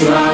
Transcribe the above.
try.